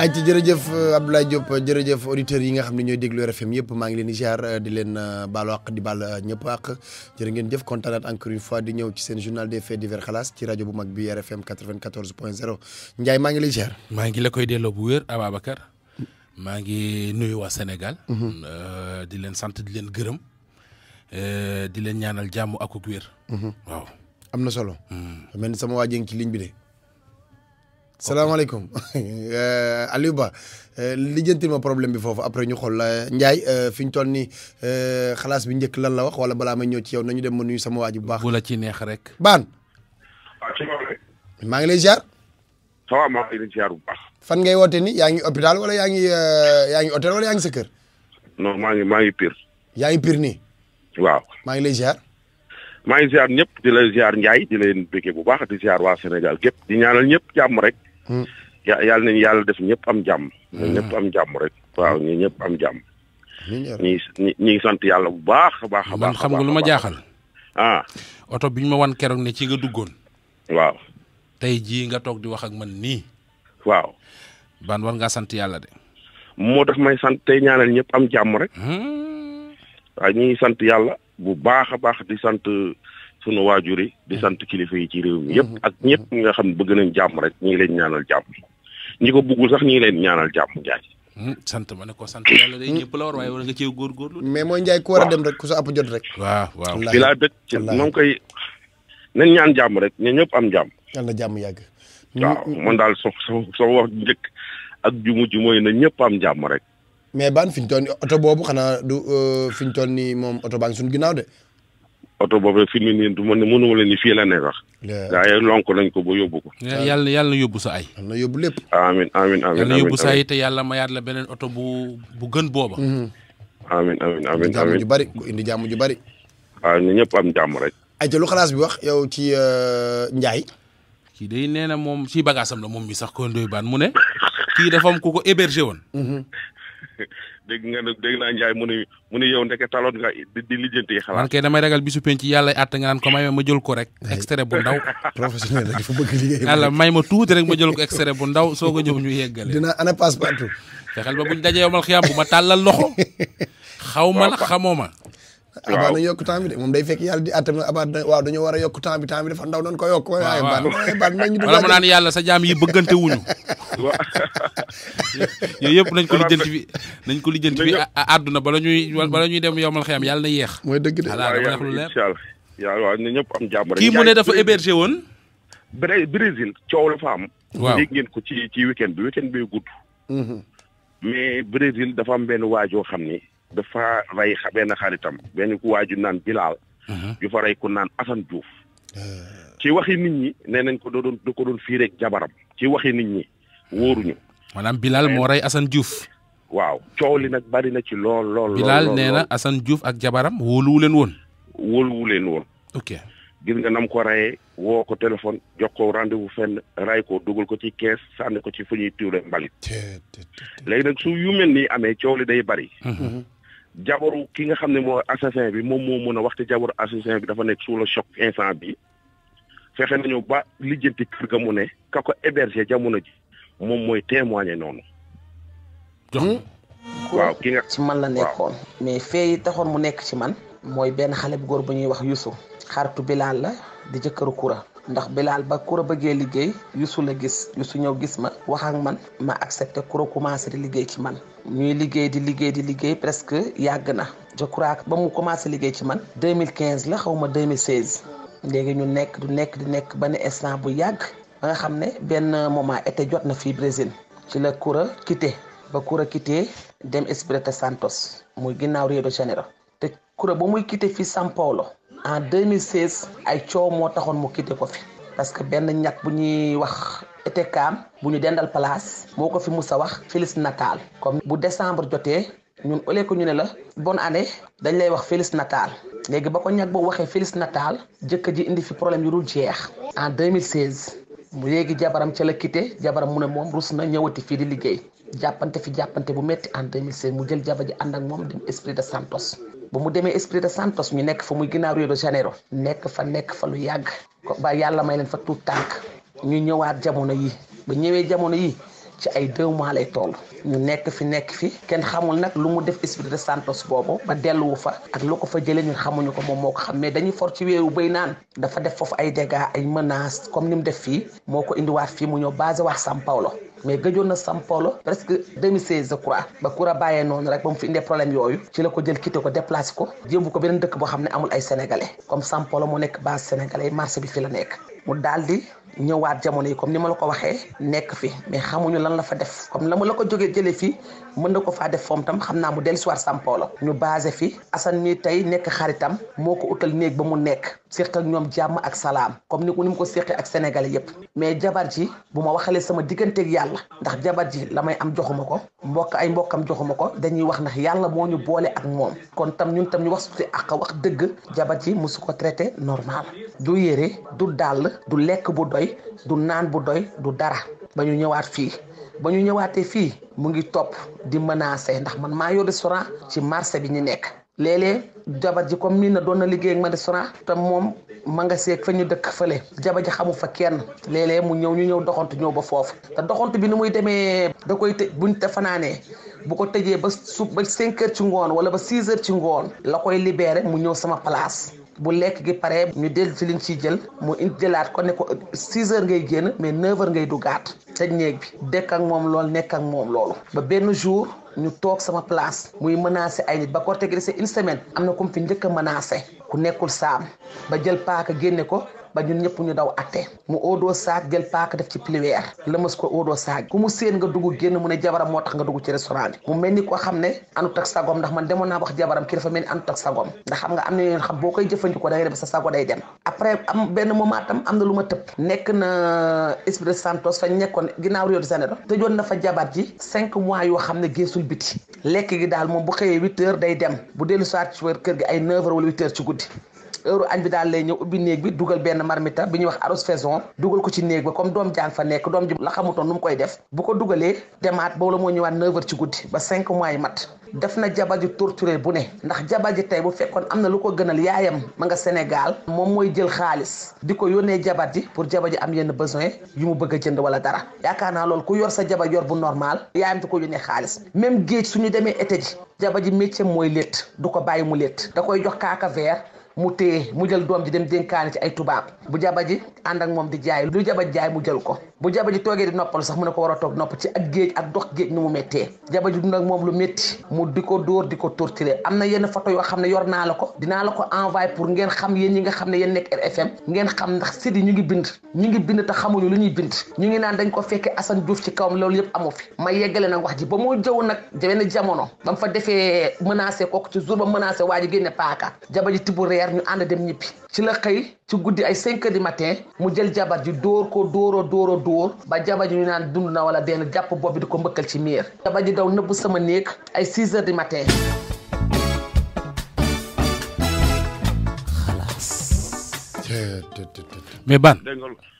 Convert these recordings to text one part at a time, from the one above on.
aj jërëjëf euh, Abdoulaye Diop jërëjëf auditeurs yi nga xam ne ñooy déglu RFM yëpp maa ngi leen di ziar euh, di leen euh, baalu àq di baal ñëpp àq jërë ngeen jëf kontaanaat encore une fois di ñëw ci seen journal de faits divers xalaas ci rajo bu mag bi RFM 94 point 0 Ndiaye maa ngi lay ziar. maa ngi la koy delloo bu wér Ababacar maa ngi nuyu waa Sénégal. Mhm. di leen sant di leen gërëm di leen ñaanal jàmm ak wér. Mhm. waaw am na solo. Hmm. mel sama waa jëng ci ligne bi de. salaamaaleykum eh, Aliou Ba eh, lijjantil ma problème bi foofu après ñu xool Ndiaye eh, fi ñu toll nii xalaas bi njëkk lan la wax wala balaa ma ñëw ci yow nañu dem ma nuyu sama waa ji bu baax. bu la ci neex rek. baan. Ah, maa ngi lay ziar. ça va maa ngi lay ziar bu baax. fan ngay woote ni yaa ngi hôpital wala yaa ngi yaa ngi hôtel wala yaa ngi sa kër. non maa ngi maa ngi Pire. yaa ngi Pire nii. waaw maa ngi lay ziar. maa ngi ziar ñëpp di la ziar Ndiaye di leen bëggee bu baax di ziar waa Sénégal gépp di ñaanal ñëpp jàmm rek. ya yàlla nañu yàlla def ñëpp am jàmm. ñëpp am jàmm rek. waaw ñu ñëpp am jàmm. ñu ngi ngi sant yàlla bu baax a baax. a baax man xam nga lu ma jaaxal. ah. oto bi ñu ma wan keroog ne ci nga duggoon. waaw. tey jii nga toog di wax ak man nii. waaw. ban war ngaa sant yàlla de. moo tax may sant tey ñaanal ñëpp am jàmm rek. Hmm. waaw yàlla bu baax a baax sunu waajur yi di mm. sant kilifa yi ci réew mi yëpp mm-hmm. ak ñëpp nga xam ne bëgg nañ jàmm rek ñi ngi leen ñaanal jàmm ñi ko bëggul sax ñi ngi leen ñaanal jàmm njaay mm, sant ma ne ko sant yàlla day ñëpp la war waaye war nga cee góorgóorlu mais mooy njaay ku war a dem rek ku sa app jot rek waaw waaw bi laa dëkk ci moom koy nañ ñaan jàmm rek ña ñëpp am jàmm yàlla jàmm yàgg waaw mm, man daal so so wax njëkk ak ju mujj mooy na ñëpp am jàmm rek mais baan fi ñu toll nii oto boobu xanaa du euh, fi ñu toll nii moom oto baa ngi suñu ginnaaw de auto boobu rek filmé ni du mon ne wala ni fi la ne sax. gaa lonk lañ ko bo yobbu ko. yalla yalla yobbu sa ay. na yóbbu amin amin amin yalla yobbu sa ay te ma yaat la benen auto bu bu gën boba mhm. amin amin amin amin ju bari indi ah, jamu ju bari. waaw ni ñepp am jamu rek. te lu xalas bi wax yow ci euh, ndjay ki day neena mom ci bagasam la mom mi sax ko ndoy ban mu ne ki dafa am ku ko hébergé dégg nga ne dégg naa Ndiaye mu ne mu ne yow ndeke taloon nga di di lijjanti xalaat. man kay damay ragal bisu penc yàlla àtt nga naan ko may ma jël ko rek. extrait bu ndaw. professionnel la dafa bëgg liggéey. yàlla may ma tuuti rek ma jël ko extrait bu ndaw soog a ñëw ñu yeggale. dina ana passe partout. fexeel ba buñ dajee yomal xiyam bu ma tàllal loxo. xaw ma la xamoo ma. waaw abaa nañu bi de moom day fekk yàlla di àttam abaa waaw dañoo war a yokk temps bi temps bi dafa ndaw nañu ko yokk. waaw waaye baal baal nañu. wala ma naan yàlla sa jaam yi bëggante wuñu. waaw. yooyu yëpp nañ ko lijjanti bi nañ ko lijjanti bi àdduna bala ñuy bala ñuy dem yomal xiyam yàlla na yéex. mooy dëgg de lu leer yàlla waaw ñun ñëpp am jàmm rek. kii mu ne dafa hébergé woon. Brésil coow la fa am. waaw dégg ngeen ko ci ci weekend bi weekend bi gudd. Mhm. mais Brésil dafa am benn waajoo xam ni dafa rey benn xaritam benn ku waaju naan Bilaal mhm. ju fa rey ku naan Assane Diouf euh. ci waxi nit ñi nee nañ ko doon da ko fii rek jabaram ci waxi nit ñi wóoruñu maanaam Bilaal moo rey Assane Diouf waaw coow li nag bari na ci lool lool Bilaal nee na Assane Diouf ak jabaram wuul leen woon wóoluwu leen woon ok gis nga nam ko rayee woo ko téléphone jox ko rendez-vous fenn ray ko dugal ko ci kees sànni ko ci fu ñuy tuure mbalit léegi nag su yu mel nii amee coow li day bari mhm. Mhm. jabaru ki nga xam ne mooy assassin bi moom moo mën a waxte jabaru assassin bi dafa nekk sous le choc instant bi fexe nañu ba lijjanti kër ga mu ne ka ko héberger jamono ji moom mooy témoigner noonu hmm? waaw ki nga ci man la nekkoon mais fee taxoon mu nekk ci man mooy benn xale bu góor bu ñuy wax Youssou xaritu Bilal la di jëkkëru kura ndax bilaal ba kura bëggee liggéey su la gis yusu ñëw gis ma wax ak man ma accepté kura commencé liggéey ci man ñuy liggéey di liggéey di liggéey presque yàgg na je crois que ba mu commencé liggéey ci man 2015 la xaw ma 2016 léegi ñu nekk du nekk di nekk benn instant bu yàgg ba xam ne benn moment été jot na fii Brésil ci la kura quitté ba kura quitté dem Espírito Santos muy ginaaw Rio de te kura ba muy quitté fii São en 2016 ay coow moo taxoon mu quitté ko fi parce que benn ñàkk bu ñuy wax etekaam bu ñu dendal place moo ko fi mu sa wax Félix nataal comme bu décembre jotee ñun ëllëg ko ñu ne la bon année dañ lay wax Félix nataal léegi ba ko ñàkk boo waxee Félix nataal jëkkër ji indi fi problème yu dul jeex en 2016 mu yéegi jabaram ca la quitté jabaram mu ne moom rus na ñëwati fii di liggéey jàppante fi jàppante bu metti en mu jël jabar ji ànd ak moom dem Esprit de Santos ba mu demee Esprit de Santos ñu nekk fa muy ginnaaw Rio de Janeiro nekk fa nekk fa lu yàgg ba yàlla may leen fa tuut tànk ñu ñëwaat jamono yi ba ñëwee jamono yi ci ay deux mois lay toll ñu nekk fi nekk fi kenn xamul nag lu mu def Esprit de Santos boobu ba delluwu fa ak lu ko fa jëlee ñun xamuñu ko moom moo ko xam mais dañuy for ci wéeru bay naan dafa def foofu ay dégâts ay menaces comme ni mu def fii moo ko indiwaat fii mu ñëw basé wax São Paulo mais gëjoon na Sampolo presque 2016 je crois ba Koura bàyyee noonu rek ba mu fi ne problème yooyu ci la ko jël quitté ko déplacé ko jëmbu ko beneen dëkk boo xam ne amul ay sénégalais comme Sampolo mu nekk base sénégalais marché bi fi la nekk mu daal di ñëwaat jamono yi comme ni ma la ko waxee nekk fi mais xamuñu lan la fa def comme la ma la ko jógee jëlee fii mën na ko faa def foom tam xam naa mu dellusiwaat Sampolo ñu basé fi Assane mii tey nekk xaritam moo ko utal néeg ba mu nekk séq ak ñoom jàmm ak salaam comme ni ni mu ko séqee ak sénégalais yépp mais jabar ji bu ma waxalee sama digganteeg yàlla ndax jabar ji la may am joxuma ko mbokk ay mbokkam joxuma ko dañuy wax ndax yàlla moo ñu boole ak moom kon tam ñun tam ñu wax suti ak wax dëgg jabar ji musu ko traité normal du yére du dàll du lekk bu doy du naan bu doy du dara ba ñu ñëwaat fii ba ñu ñëwaatee fii mu ngi topp di menacé ndax man maa yor restaurant ci marché bi ñu nekk léeg jabar ji comme nii na doon na liggéey ak ma sona te moom manga nga seeg fa ñu dëkk fële jabar ji xamu fa kenn léeg mu ñëw ñu ñëw doxantu ñëw ba foofu te doxantu bi ni muy demee da koy tëj buñ te fanaanee bu ko tëjee ba su ba cinq ci ngoon wala ba six heures ci ngoon la koy libéré mu ñëw sama place bu lekk gi pare ñu del ci liñ ciy jël mu indi jëlaat kon ne ko six heures ngay génn mais neuf heures ngay dugaat sa néeg bi dëkk ak moom lool nekk ak moom loolu ñu toog sama place muy menacé ay nit ba corté grisé une semaine am na comme fi njëkk a menacé ku nekkul saam ba jël paaka génne ko ba ñun ñëpp ñu daw atte mu oodoo saag jël paaka def ci piliweer lëmas ko oodoo saag ku mu seen nga dugg génn mu ne jabaram moo tax nga dugg ci restaurant bi mu mel ni koo xam ne anut ak sagom ndax man demoon naa wax jabaram ki dafa mel ni anut ak sagom ndax nga am na yoon xam boo koy jëfandikoo da ngay dem sa sago day dem après am benn moment tam am na lu ma tëb nekk na Esprit Santos fa nekkoon ginnaaw Rio de Janeiro tëjoon na fa jabar ji cinq mois yoo xam ne géesul biti lekk gi daal moom bu xëyee huit heures day dem bu dellu soit ci kër gi ay neuf heures huit heures ci guddi heure añ bi daal lay ñëw ubbi néeg bi dugal benn marmita bi ñuy wax arros faison dugal ko ci néeg ba comme doom jàng fa nekk doom ji la xamutoon nu mu koy def bu ko dugalee demaat boobu la moo ñëwaat 9 heures ci guddi ba 5 mois yi mat def na jabar ji torturé bu ne ndax jabar ji tey bu fekkoon am na lu ko gënal yaayam ma nga Sénégal moom mooy jël xaalis di ko yónnee jabar ji pour jabar ji am yenn besoin yu mu bëgg a jënd wala dara yaakaar naa loolu ku yor sa jabar yor bu normal yaayam di ko yónnee xaalis même géej ñu demee été ji jabar ji métier mooy létt du ko bàyyi mu létt da koy jox kaaka verre mu téye mu jël doom ji dem dénkaane ci ay tubaab bu jaba ji ànd moom di jaay lu jaba jaay mu jël ko bu jaba ji toogee di noppal sax mu ne ko war a toog nopp ci ak géej ak dox géej nu mu méttee jaba moom lu métti mu di ko dóor di ko torturé am na yenn photo yoo xam ne yor naa la ko dinaa la ko envoyé pour ngeen xam yéen ñi nga xam ne yéen nekk RFM ngeen xam ndax sidi ñu ngi bind ñu ngi bind te xamuñu lu ñuy bind ñu ngi naan dañ ko fekkee Assane Diouf ci kawam loolu yëpp amu fi ma yeggale nag wax ji ba moo jëw nag benn jamono ba fa defee menacé kooku ci jour ba menacé waa ji génne paaka jaba reer ñu ànd dem ñibbi ci la xëy ci guddi ay cinq heures du matin mu jël jabar ji dóor ko dóoroo dóoroo dóor ba jabar ji ñu naan dund na wala deen jàpp bopp bi di ko mbëkkal ci miir jabar ji daw nëbb sama néeg ay six heures du matin mais ban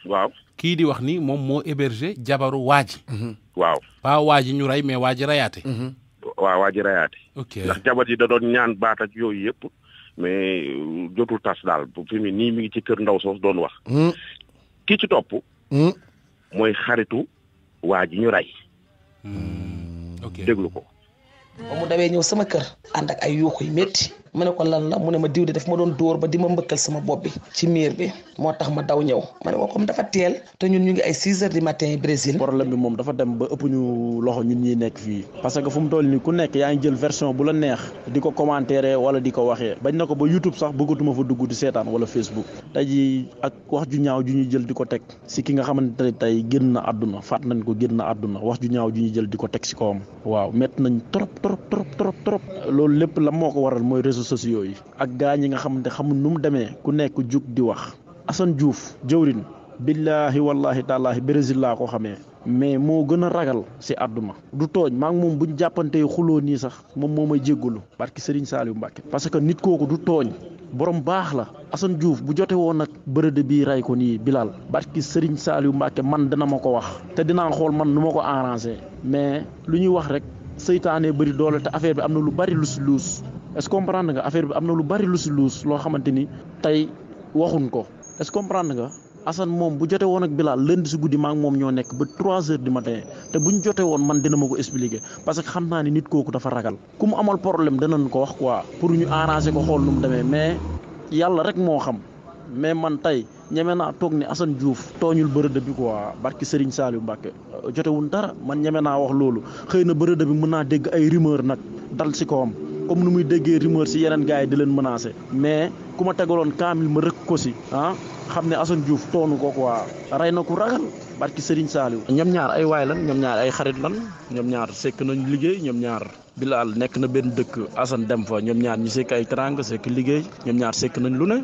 waaw kii di wax ni moom moo hébergé jabaru waaji mhm. waaw pas waaji ñu rey mais waaji reyaate mhm. waaw waaji reyaate ndax jabar ji da doon ñaan baat yooyu yëpp mais euh, jotul tas daal fi mu nii mi ngi ci kër ndaw soos doon wax. Hmm. ki ci topp. Hmm. mooy xaritu waa ji ñu rey. Hmm. déglu ko. ba mu dawee ñëw sama kër ànd ak ay yuuxu yu métti ne ko lan la mu ne ma diw de daf ma doon dóor ba di ma mbëkkal sama bopp bi ci miir bi moo tax ma daw ñëw ma ne ko comme dafa teel te ñun ñu ngi ay 6 heures du matin Brésil. problème bi moom dafa dem ba ëpp ñu loxo ñun ñuy nekk fii parce que fu mu toll nii ku nekk yaa ngi jël version bu la neex di ko commentaire wala di ko waxee bañ na ko ba YouTube sax bëggatuma fa dugg di seetaan wala Facebook tey jii ak wax ju ñaaw ju ñuy jël di ko teg si ki nga xamante ne tey génn na àdduna faat nañ ko génn na àdduna wax ju ñaaw ju jël di ko teg si kawam waaw métti nañ trop trop trop trop trop loolu lépp la moo ko waral mooy réseaux sociaux yi ak gaa ñi nga xamante xamul nu mu demee ku nekk jug di wax Assane Diouf jëwrin billaahi wallaahi taalaahi Brésil laa ko xamee mais moo gën a ragal si àdduna du tooñ maa ngi moom buñ jàppantee xuloo nii sax moom moo may jéggalu barki Serigne Saliou Mbacke parce que nit kooku du tooñ borom baax la Assane Diouf bu jote woon nag bërëd bii ray ko nii Bilal barki Serigne Saliou Mbacke man dana ma ko wax te dinaa xool seytaane bëri doole te affaire bi am na lu bari lu si luus est nga affaire bi am na lu bari lu si luus loo xamante ni tey waxuñ ko est-ce nga Assane moom bu jote woon ak Bilal lënd si guddi maa moom ñoo nekk ba trois heures du matin te buñ jote woon man dina ma ko expliquer parce que xam naa ni nit kooku dafa ragal ku mu amal problème danañ ko wax quoi pour ñu arranger ko xool nu mu demee mais yàlla rek moo xam mais man tey ñeme naa toog ne Assane Diouf tooñul bërëdë bi quoi barki Serigne Saliou Mbacke jotewun dara man ñeme naa wax loolu xëy na bërëdë bi mën naa dégg ay rumeur nag dal si kawam comme nu muy déggee rumeur si yeneen gars yi di leen menacer mais ku ma tegaloon kaamil ma rëkk ko si ah xam ne Assane Diouf toonu ko quoi rey na ku ragal barki Serigne Saliou. ñoom ñaar ay waay lan ñoom ñaar ay xarit lan ñoom ñaar sekk nañ liggéey ñoom ñaar. Bilal nekk na benn dëkk Assane dem fa ñoom ñaar ñu sekk ay teraanga liggéey ñoom ñaar sekk nañ lu ne.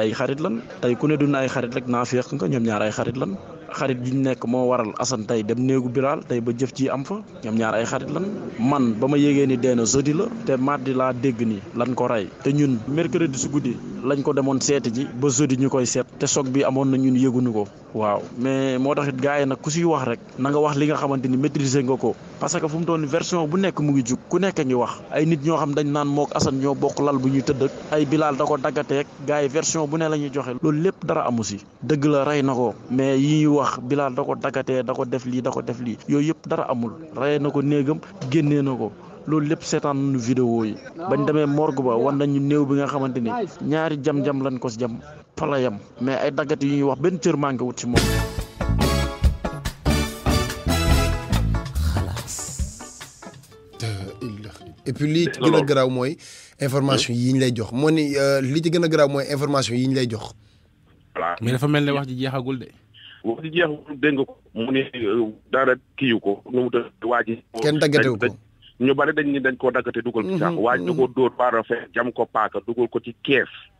ay xarit lan tey ku ne dun ay xarit rek naa féeq nga ñoom ñaar ay xarit lan xarit ju ñu nekk moo waral Assane tey dem néegu biraal tey ba jëf ci am fa ñoom ñaar ay xarit lan man ba ma yéegee ni deena jeudi la te di laa dégg ni lan ko rey te ñun mercredi su guddi lañ ko demoon seeti ji ba jeudi ñu koy seet te soog bi amoon na ñun yëguñu ko waaw mais moo taxit gars yi nag ku siy wax rek na nga wax li nga xamante ni maîtriser nga ko parce que fu mu doon version bu nekk mu ngi jug ku nekk ngi wax ay nit ñoo xam dañ naan mook Assane ñoo bokk lal bu ñuy tëdd ay bilaal da ko daggateeg gars yi version bu ne la ñuy joxe loolu lépp dara amu la rey na ko mais yi wax bilaal da ko daggatee da def lii da ko def lii yooyu yëpp dara amul rey na ko néegam génnee na ko. loolu lépp seetaan nañu vidéo yi bañ demee morgue ba war nañu néew bi nga xamante ni ñaari jam-jam lañ ko si jam fa la yam mais ay daggat yu ñuy wax benn cër manqué wut si moom. et puis li ci gën a garaaw information yi ñu lay jox moo ni euh, li ci gëna graw moy information yi ñu lay jox. voilà mais dafa melni wax ji jeexagul de. wax ji jeexagul dégg nga ko mu ne euh, dara kiiw ko nu mu tëdd waa ji. ko ñu bari dañ ni dañ ko daggate dugal ci saako. Mhm. waa ji da koo mhm. dóor jam ko paaka dugal ko ci caisse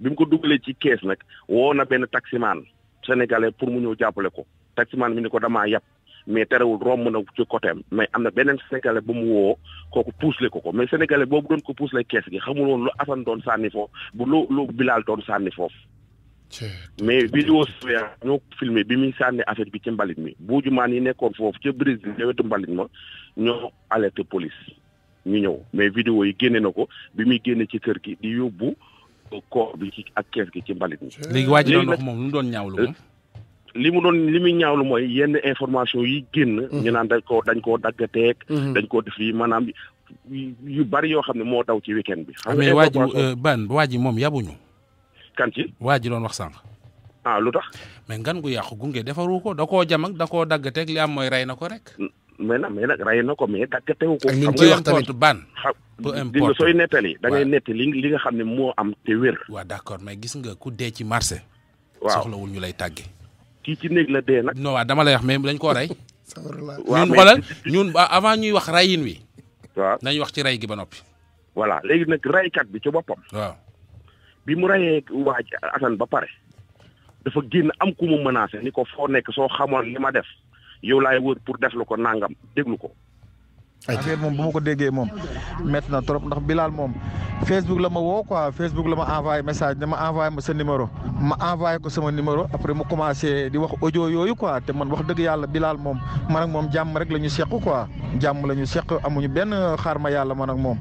bi ko dugalee ci caisse nak woo na benn taximaan sénégalais pour mu ñëw jappalé ko taximan mi ni ko dama yàpp. mais terewul romb na ci côté mais am na beneen sénégalais ba mu woo kooku puusle ko ko mais sénégalais boobu doon ko puusle kees gi xamul woon lu Assane doon sànni foofu bu lu lu Bilal doon sànni foofu. mais vidéo surveillance ñoo filmé bi muy sànni affaire bi ci mbalit mi buujumaan yi nekkoon foofu ca Brésil ñëwetu mbalit ma ñoo alerté police ñu ñëw mais vidéo yi génne na ko bi muy génne ci kër gi di yóbbu corps bi ci ak kees gi ci mbalit mi. léegi waa ji doon moom lu doon ñaawlu li mu doon li muy ñaaw lu mooy yenn information yi génn. Mhm. ñu naan dañ koo dañ koo daggateeg. Mhm. dañ koo def yi maanaam yu bari yoo xam ne moo daw ci weekend bi. Ah, xam nga waa ji euh, waa ji moom yabuñu. kan ci waa ji doon wax sànq. ah lu tax. mais ngan gu yàqu gunge defaru ko da koo jam da koo daggateeg am mooy rey na ko rek. mais nag mais nag rey na ko mais daggatewu ko. xam nga tamit ban. peu importe sooy nettali da ngay nettali li nga xam ne moo am te wér. waaw mais gis nga ku dee ci marché. waaw soxlawul ñu lay tàggee. kii ci néeg la dee nag. non waaw dama lay wax mais dañ koo rey. ñun xoolal avant ñuy wax reyin wi. waaw nañ wax ci rey gi ba noppi. voilà léegi nag reykat bi ci boppam. waaw bi mu reyee waaj Assane ba pare. dafa génn am ku mu menacé ni ko foo nekk soo xamoon li ma def yow laay wër pour def lu ko nangam déglu ko. affaire moom bu ma ko déggee moom métti na trop ndax Bilal moom Facebook la ma woo quoi Facebook la ma envoyé message ne ma envoyé ma sa numéro ma envoyé ko sama numéro après mu commencé di wax ojo yooyu quoi te man wax dëgg yàlla bilaal moom man ak moom jàmm rek la ñu seq quoi jàmm la ñu seq amuñu benn xaar ma yàlla man ak moom.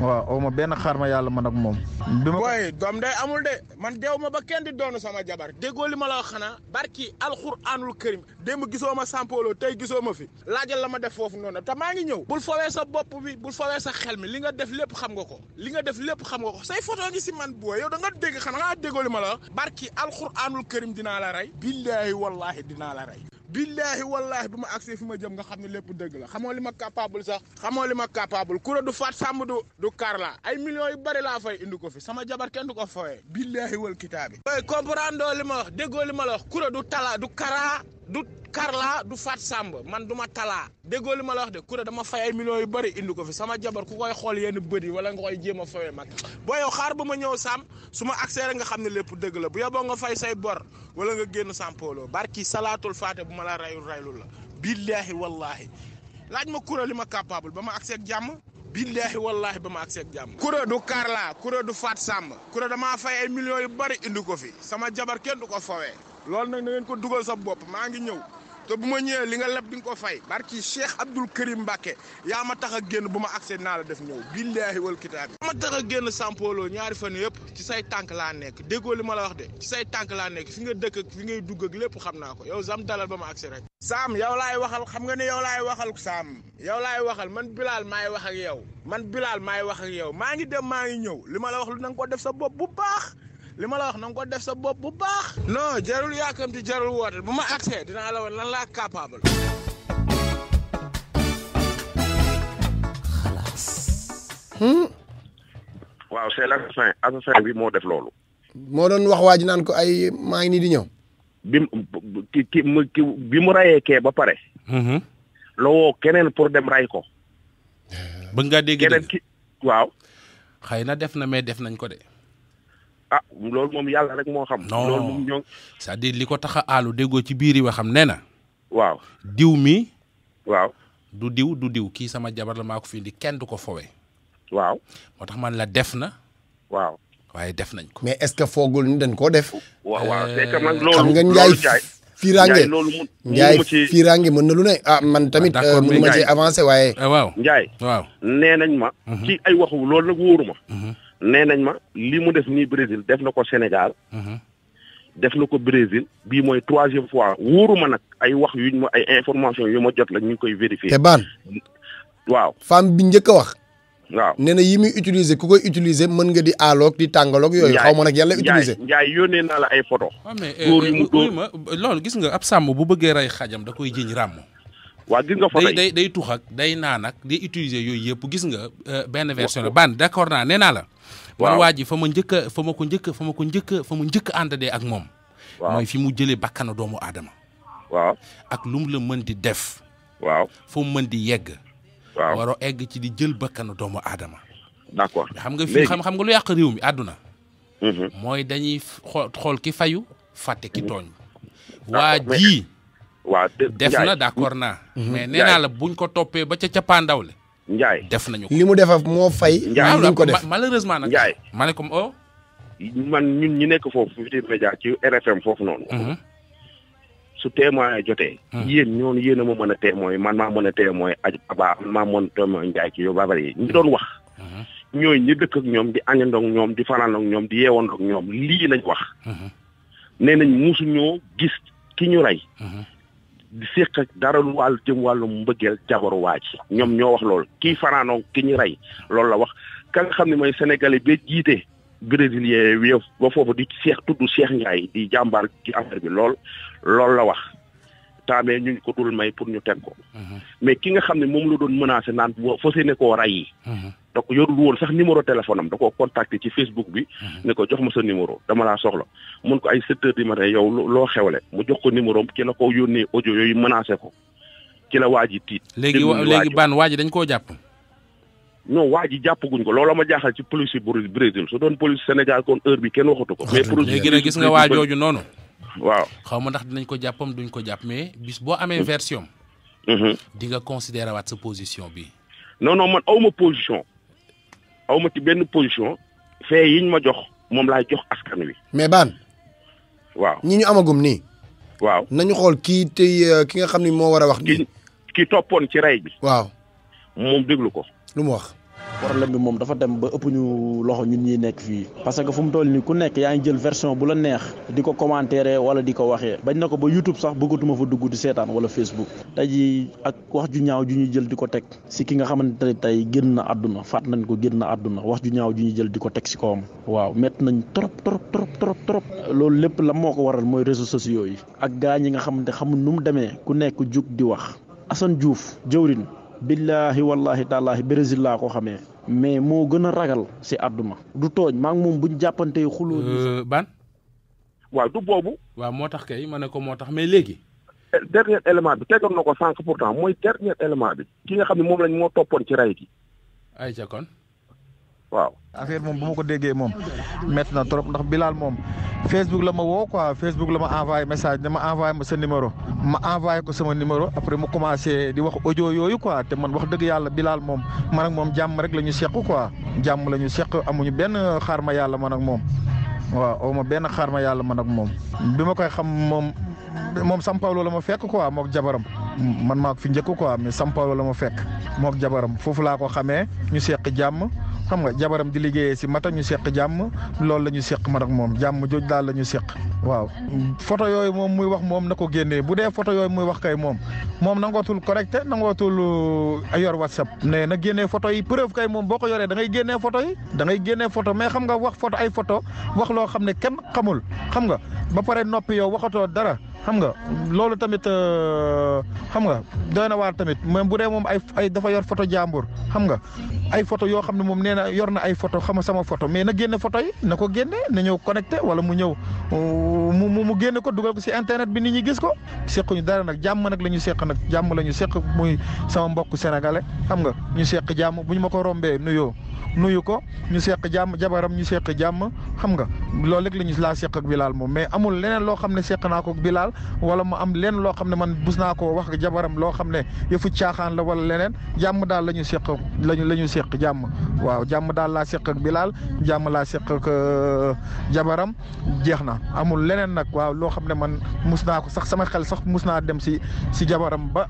waaw aw ma benn xaar ma yàlla man ak moom. bi ma doom amul de man deew ma ba kenn di doonu sama jabar déggoo li ma la wax xanaa barki alxuraanul karim démb gisoo ma sampolo tey gisoo ma fi laajal la ma def foofu noonu te maa ngi ñëw. bul fawee sa bopp bi bul fawee sa xel mi li nga def lépp xam nga ko li nga def lépp xam nga ko say photo ngi si man booy yow da nga dégg xanaa déggoo li ma la wax barki alxuraanul karim dinaa la rey. billaahi wallaahi dinaa la rey. billaahi wallaahi bu ma agsee fi ma jëm nga xam ne lépp dëgg la xamoo li ma capable sax xamoo li ma capable kura du faat sàmm du du la ay millions yu bari la fay indi ko fi sama jabar kenn du ko fooyee billaahi wal kitaabi. li ma wax ma la wax kura du tala du kara du karla du fat samba man duma tala déggoo ma la wax de ku dama fay ay millions yu bari indi ko fi sama jabar ku koy xol yenn beuri wala nga koy jema fawé mak mag yow xaar buma ñew sam suma accès nga xam lepp deug la bu yabo nga fay say bor wala nga génn sampooloo barki salatul fatih bu la rayul raylul la billahi wallahi laaj ma kura lima capable bama accès ak jamm billahi wallahi bama accès ak jamm kura du karla kura du fat samba kura dama fay ay millions yu bari indi ko fi sama jabar kenn du ko fawé loolu nag na ngeen ko dugal sa bopp maa ngi ñëw te bu ma ñëwee li nga leb di nga ko fay barki Cheikh Abdoul Karim Mbacke yaa ma tax a génn bu ma accès naa la def ñëw billaahi wal kitaab yaa ma tax a génn Sampolo ñaari fan yëpp ci say tànk laa nekk déggoo li ma la wax de ci say tànk laa nekk fi nga dëkk ak fi ngay dugg lépp xam naa ko yow sam dalal ba ma accès rek Saam yow laay waxal xam nga ne yow laay waxal Saam yow laay waxal man Bilal maay wax ak yow man Bilal maay wax yow maa ngi dem maa ngi ñëw li ma la wax lu na def sa bopp bu baax li ma la wax na nga ko def sa bopp bu baax. non jarul yaakamti jarul woote bu ma accès dinaa la woon lan laa capable. xalaas. Hmm? waaw c'est saya assassin bi moo def loolu. moo doon wax waa ji naan ko ay maa ngi nii di ñëw. bi ki ki ki bi mu rayee kee ba pare. Mm-hmm. la woo keneen pour dem ray ko. bëgg ngaa dégg keneen ki waaw. xëy na def na mais def nañ ko de. Ah, loolu moom yàlla rek moo xam. loolu moom ñoo cest à li ko tax a aalu déggoo ci biir yi waxam nee na. waaw diw mi. waaw du diw du diw kii sama jabar la maa ko fi kenn du ko fowe. waaw moo tax man la def na. waaw waaye def nañ ko. mais est-ce que foogul ni dañ koo def. waaw waaw c'est que man euh, loolu xam nga Ndiaye fiiraange Ndiaye fiiraange mën na lu ne ah man tamit mënu ma ci avancé waaye. Eh, waaw Ndiaye. waaw nee nañ ma. ci mhm. ay waxu loolu nag wóoru nee nañ ma lii mu def nii Brésil def na ko Sénégal. Mhm. def na ko Brésil bii mooy troisième fois ma nag ay wax yuñ ma ay information yu ma jot la ñu koy vérifier. te baan bi njëkk wax. waaw nee yi muy utiliser ku koy utiliser mën nga di aaloog di tàngaloog yooyu. xaw ma nag yàlla utiliser Ndiaye yónnee naa la ay photo ah, eh, góor yu eh, gis nga ab sàmm bu bëggee rey xajam da koy jiñ ràmm. waa gis nga photo yi day day day tux day naan ak day utiliser yooyu yëpp gis nga. Eh, benn version la baan d'accord naa nee naa la. man waa ji fa ma njëkk a fa ma ko njëkk fa ma njëkk fa ma njëkk àndadee ak moom mooy fi mu jëlee bakkana doomu aadama waaw ak lu mu la mën di def waaw foo mën di yegg waaw waroo egg ci di jël bakkana doomu aadama d'accord xam nga xam xam nga lu yàq réew mi àdduna mm-hmm. mooy dañuy xool ki fayu fàtte ki mm-hmm. tooñ waa ji waaw def na d'accord naa mm-hmm. mais nee naa la buñ ko toppee ba ca ca cappaandaw le Ndiaye def nañu ko li mu defaf moo fay. ñu ko def malheureusement nag. Ndiaye ma comme oh. man ñun ñu nekk foofu Futurs Médias ci RFM foofu noonu. Mhm. su témoin jotee. Mhm. yéen ñoon yéen a ma mën a témoin man maa mën a témoin aj abaa man maa mën témoin Ndiaye ci yow baabara yi ñu doon wax. Mhm. ñooy ñi dëkk ak ñoom di añandoog ñoom di fanaandoog ñoom di yeewandoog ñoom lii lañ wax. nee nañ musuñoo gis ki ñu rey. di séq dara lu wàllu jëm wàllum mbëggeel jabaru waa ji ñoom ñoo wax loolu kii fanaanoo ki ñu rey loolu la wax ka nga xam ne mooy sénégalais ba jiite brésilien wi ba foofu di seex tudd Cheikh Ndiaye di jàmbaar ci affaire bi lool loolu la wax taamee ñu ko dul may pour ñu teg ko. Mhm. mais ki nga xam ne moom la doon menacé naan foo see ne koo rey. Mhm. donc yorul woon sax numéro téléphone am da koo contacté ci Facebook bi. Mhm. ne ko jox ma sa numéro dama laa soxla. mun ko ay sept heures du matin yow loo xew le mu jox ko numéro am ki la ko yónnee yooyu menacé ko ki la waa ji tiit. léegi wa léegi baan waa ji dañ koo jàpp. non waa jàpp jàppaguñ ko loola ma jaaxal ci police bu Brésil su doon police Sénégal kon heure bi kenn waxatu ko. mais pour léegi nag waa jooju noonu. waaw xaw ma ndax dinañ ko jàppam duñ ko jàpp mais bis boo amee mm-hmm. version. Mm-hmm. di nga considéré waat sa position bi. non non man awma position. awma ci benn position. fee yiñ ma jox moom laay jox askan wi. mais baan. waaw ñi ñu amagum nii. waaw nañu xool kii tey euh, ki nga xam ni moo war a wax. ki ki toppoon ci rey bi. waaw moom déglu ko. lu mu wax. problème bi moom dafa dem ba ëpp ñu loxo ñun ñuy nekk fii parce que fu mu toll ni ku nekk yaa ngi jël version bu la neex di ko commentaire wala di ko waxee bañ na ba youtube sax bëggatuma fa dugg di seetaan wala facebook tey ji ak wax ju ñaaw ju ñu jël di ko teg si ki nga xamante ne tey génn na àdduna faat nañ ko génn na àdduna wax ju ñaaw ju ñu jël di ko teg si kawam waaw met nañ trop trop trop trop trop loolu lépp la moo ko waral mooy réseaux sociaux yi ak gaa yi nga xamante xamul nu mu demee ku nekk jug di wax asan Diouf jëwrin billaahi wallaahi taalaahi Brésil laa ko xamee. mais moo gën a ragal si àdduna. du tooñ maa ngi moom buñ jàppantee xuloo. Euh, ban. waaw du boobu. waaw moo tax kay ma ne ko moo tax mais léegi. dernier élément bi tegoon na ko sànq pourtant mooy dernier élément bi. ki nga xam ne moom lañ moo toppoon ci rayit yi. ay ca kon. waaw affaire moom bu ma ko déggee moom métti na trop ndax Bilal moom Facebook la ma woo quoi Facebook la ma envoyé message ne ma envoyé ma sa numéro ma envoyé ko sama numéro après mu commencé di wax ojo yooyu quoi te man wax dëgg yàlla Bilal moom man ak moom jàmm rek la ñu seq quoi jàmm la ñu seq amuñu benn xaar ma yàlla man ak moom waaw aw ma benn xaar ma yàlla man ak moom bi ma koy xam moom moom São Paulo la ma fekk quoi mook jabaram man maa fi njëkk quoi mais São Paulo la ma fekk mook jabaram foofu laa ko xamee ñu seq jàmm xam nga jabaram di liggéeyee si mata ñu seq jàmm loolu la ñu seq man ak moom jàmm jooju daal la ñu seq waaw. foto yooyu moom muy wax moom na ko génnee bu dee photo yooyu muy wax kay moom moom nangootul correcté nangootul uh, yor whatsapp nee na génne photo yi preuve kay moom boo ko yoree dangay ngay génnee photo yi da ngay génnee photo mais xam nga wax foto ay photo wax loo xam ne kenn xamul xam nga ba pare noppi yow waxatoo dara. xam nga loolu tamit euh, xam nga doy na waar tamit même bu dee moom ay ay dafa yor photo jàmbur xam nga ay foto yoo xam ne moom nee na yor na ay photo xam nga sama photo mais na génne photo yi na ko génne na ñëw connecté wala mu ñëw mu mu génne ko dugal ko si internet bi nit ñi gis ko ñu dara nag jàmm nag la ñu seq nag jàmm la seq muy sama mbokk sénégalais xam nga ñu seq jàmm bu ñu ma ko rombee yoo nuyu ko ñu seq jàmm jabaram ñu seq jàmm xam nga loolu rek la laa seq ak Bilal moom mais amul leneen loo xam ne seq naa ko ak Bilal wala mu am leneen loo xam ne man bus naa koo wax ak jabaram loo xam ne yëfu caaxaan la wala leneen jàmm daal la ñu seq lañu la ñu seq jàmm waaw jàmm daal laa seq ak Bilal jàmm laa seq ak euh, jabaram jeex na amul leneen nag waaw loo xam ne man mus naa ko sax sama xel sax mus naa dem si si jabaram ba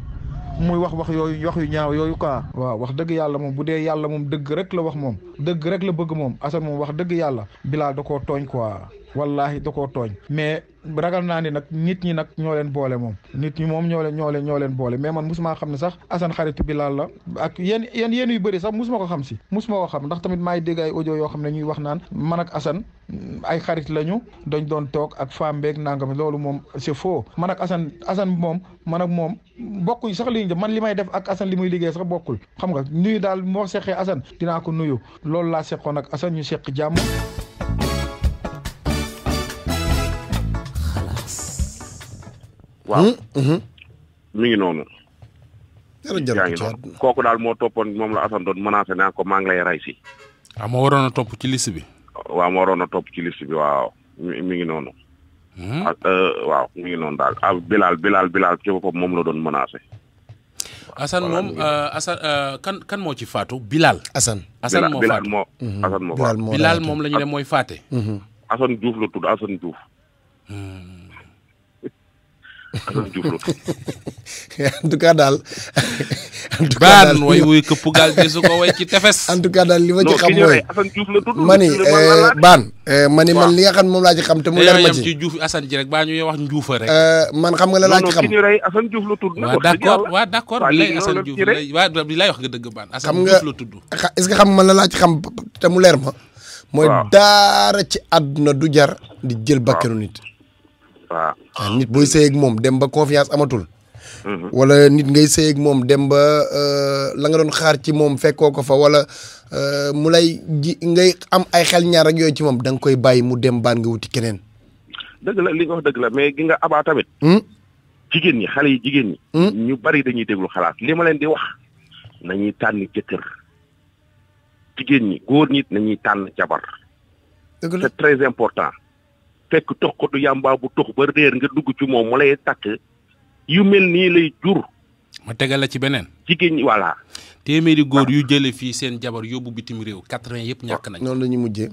muy wax wax yooyu wax yu ñaaw yooyu kaa waaw wax dëgg yàlla moom bu dee yàlla moom dëgg rek la wax moom dëgg rek la bëgg moom Assane moom wax dëgg yàlla Bilal da koo tooñ quoi wallaahi da koo tooñ mais ragal naa ni nag nit ñi nag ñoo leen boole moom nit ñi moom ñoo leen ñoo leen leen boole mais man mosuma xam ne sax Assane xaritu Bilal la ak yéen yéen yéen yu bëri sax mosuma ko xam si mosuma ko xam ndax tamit maay dégg ay yoo xam ne ñuy wax naan man ak Assane ay xarit lañu dañ doon toog ak femme beeg nangam loolu moom c'est faux man ak Assane Assane moom man moom bokkuñ sax li man li may def ak Assane li muy liggéey sax bokkul xam nga nuyu daal moo seqee Assane dinaa ko nuyu loolu laa seqoon ak Assane ñu seq jàmm waaw. Hmm? Hmm? mi ngi noonu. yaa ngi kooku daal moo toppoon moom la Assane doon menacé naa ko maa ngi lay rey ah, moo waroon a topp ci liste bi. waaw moo waroon a topp ci liste bi waaw mi ngi noonu. Hmm? Ah, euh, waaw mi noonu daal ah Bilal Bilal Bilal moom la doon menacé. Assane moom euh, euh, kan kan moo ci faatu Bilal. Assane Assane moo faatu Bilal moo Bilal moom la mooy faate. Assane Diouf la tudd Assane Diouf. Assane en tout cas daal. en tout cas daal way gaal gi ci tefes. en tout cas li ma ci xam mooy Assane Diouf la tudd. ma euh, euh, ma ni man li nga xam moom laa xam te mu leer ma ci. ci Diouf Assane ji baa ñu wax Ndioufa rek. Euh, man xam nga la laa ci xam la tudd. waaw d' accord waaw d' accord bi bi lay wax nga dëgg Baan. Assane Diouf xam nga est ce xam nga man la laa xam te mu leer ma. mooy daara ci àdduna du jar di jël bakkanu nit Ah, nit booy sëy moom dem ba confiance amatul. Mhm. wala nit ngay sëy moom dem ba euh, la nga doon xaar ci moom fekkoo ko fa wala euh, mu lay ji ngay am ay xel ñaar ak yooyu ci moom da nga koy bàyyi mu dem baan nga wuti keneen. dëgg la li nga wax dëgg la mais gi nga abaa tamit. Hmm? jigéen ñi xale yi jigéen hmm? ñu bari dañuy déglu xalaat li ma leen di wax. nañuy tànn jëkkër. jigéen ñi góor ñi nañuy tànn jabar. dëgg la c'est très important. fekk tox ko du yàmbaa bu tox ba réer nga dugg ci moom mu lay takk yu mel nii lay jur. ma tegal la ci beneen. téeméeri góor yu jële fii seen jabar yóbbu bitim réew quatre-vingts yëpp ñàkk nañ. noonu la ñu mujjee.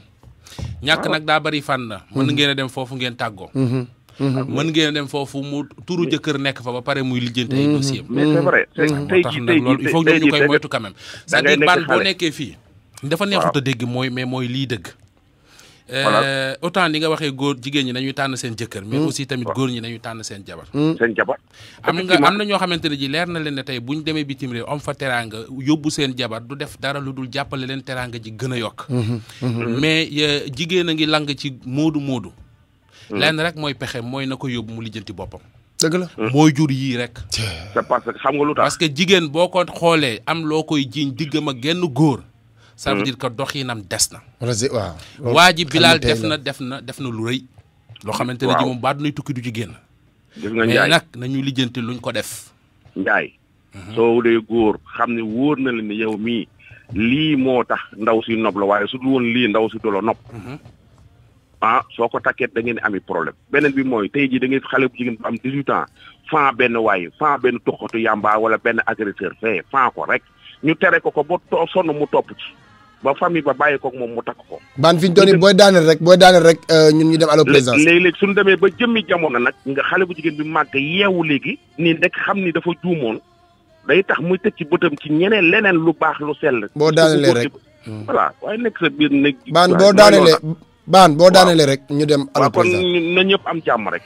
ñàkk nag daa bari na mën mhm. ngeen a dem foofu ngeen tàggoo. Mhm. Mhm. mën ngeen a dem foofu mu turu jëkkër nekk fa ba pare muy lijjanti ay dossier mais c'est vrai tey jii tey jii il faut ñu koy moytu quand même. cest boo nekkee fii. dafa neexut a dégg mooy mais mooy lii dëgg. voilà euh, autant ni nga waxee góor jigéen ñi nañuy tànn seen jëkkër. mais hmm. aussi tamit góor ñi nañuy tànn seen jabar. Hmm. seen jabar. am nga am na ñoo xamante ne ji leer na leen ne tey bu ñu demee bitim réew am fa teraanga yóbbu seen jabar du def dara lu dul jàppale leen teraanga ji gën a yokk. Hmm, mais euh, jigéen a ngi lang ci moodu moodu. lenn rek mooy pexe mooy na ko yóbbu mu lijjanti boppam. dëgg la mooy jur yii rek. c'est parce xam nga lu parce que jigéen boo ko xoolee am loo koy jiiñ diggam ak genn góor. ça veut dire que doxinam des na. waaw waa ji Bilal def na def na def na lu rëy. loo xamante ne ji moom baat nuy tukki du ci na gis nga Ndiaye mais nag nañu lijjanti luñ ko def. njaay mhm. soo dee góor xam ne wóor na la ne yow mii lii moo tax ndaw si nopp la waaye su du woon lii ndaw si du la nopp. Mhm. ah soo ko takkee da ngeen ami problème beneen bi mooy tey jii dangeen ngeen xale bu jigéen bu am 18 ans fan benn waay fan benn tuxatu yàmba wala benn agresseur fee fan ko rek ñu tere ko ko ba mu topp ci. ba famille ba bàyyi koog moom mu takk ko. baan fi ñu booy daaneel rek booy daaneel rek euh, ñun ñu dem à la présidence. léeg-léeg suñu demee ba jëmmi jamono nag. nga xale bu jigéen bi màgg yeewu léegi. nii rek xam ni dafa juumoon day tax muy tëj ci bëtam ci ñeneen leneen lu baax lu sell. boo daanelee rek voilà waaye nekk biir nekk. baan boo daanelee baan boo daanelee rek. ñu dem à la na ñëpp am jàmm rek.